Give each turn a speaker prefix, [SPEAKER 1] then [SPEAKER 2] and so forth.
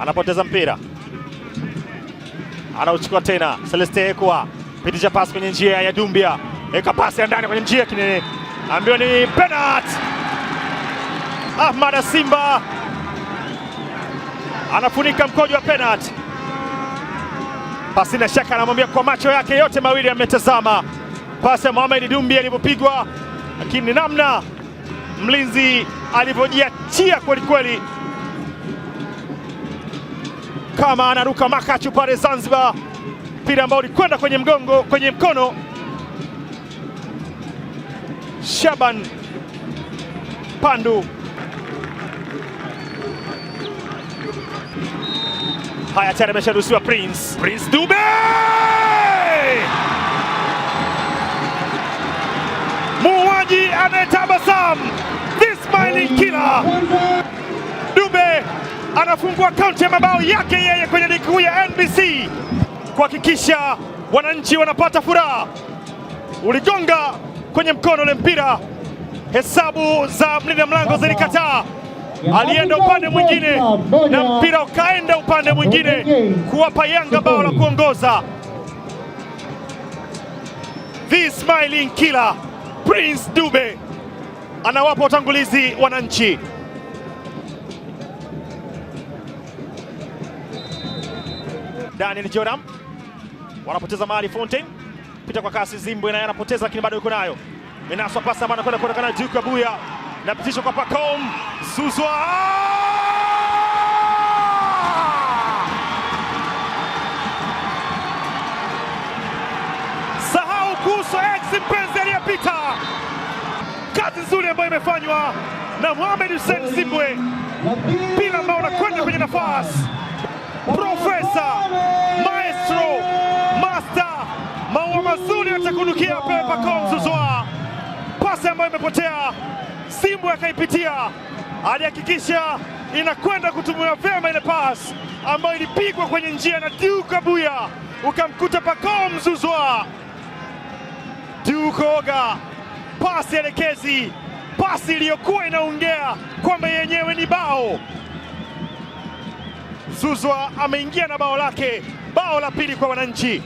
[SPEAKER 1] anapoteza mpira, anauchukua tena Celeste Ekwa, pitisha pasi kwenye njia ya Dumbia, eka pasi ya ndani kwenye njia kinene, ambiwa ni penalty. Ahmada Simba anafunika mkojo wa pasi na shaka, anamwambia kwa macho yake yote mawili ametazama pasi ya Mohamed Dumbia ilivyopigwa, lakini namna mlinzi alivyojiachia kwelikweli kama anaruka makachu pale Zanzibar, mpira ambao ulikwenda kwenye mgongo, kwenye mkono Shaban Pandu. Haya, tayari amesharuhusiwa Prince, Prince Dube muuaji anayetabasamu, the smiling killer anafungua kaunti ya mabao yake yeye kwenye ligi kuu ya NBC kuhakikisha wananchi wanapata furaha. Uligonga kwenye mkono ule mpira, hesabu za mlinda mlango zilikataa, alienda upande mwingine na mpira ukaenda upande mwingine kuwapa Yanga bao la kuongoza. The Smiling Killer Prince Dube anawapa utangulizi wananchi. Daniel Joram wanapoteza mali Fontaine, pita kwa kasi Zimbwe naye anapoteza, lakini bado yuko nayo. menaswa pasa ambayo anakwenda kuonekana juu kwa Buya na pitisho kwa Pacom Zuzwa sahau kuso ex mpenzi aliyepita. Kazi nzuri ambayo imefanywa na Mohamed Hussein Zimbwe, mpira ambao unakwenda kwenye nafasi Mwanza, maestro master, maua mazuri atakunukia Pepe Konzuzwa. Pasi ambayo imepotea, Simbu akaipitia, alihakikisha inakwenda kutumiwa vyema ile pasi ambayo ilipigwa kwenye njia na Duke Abuya, ukamkuta Pacome Zouzoua. Duke Oga, pasi elekezi, pasi iliyokuwa inaongea kwamba yenyewe ni bao Zuzwa ameingia na bao lake, bao la pili kwa wananchi.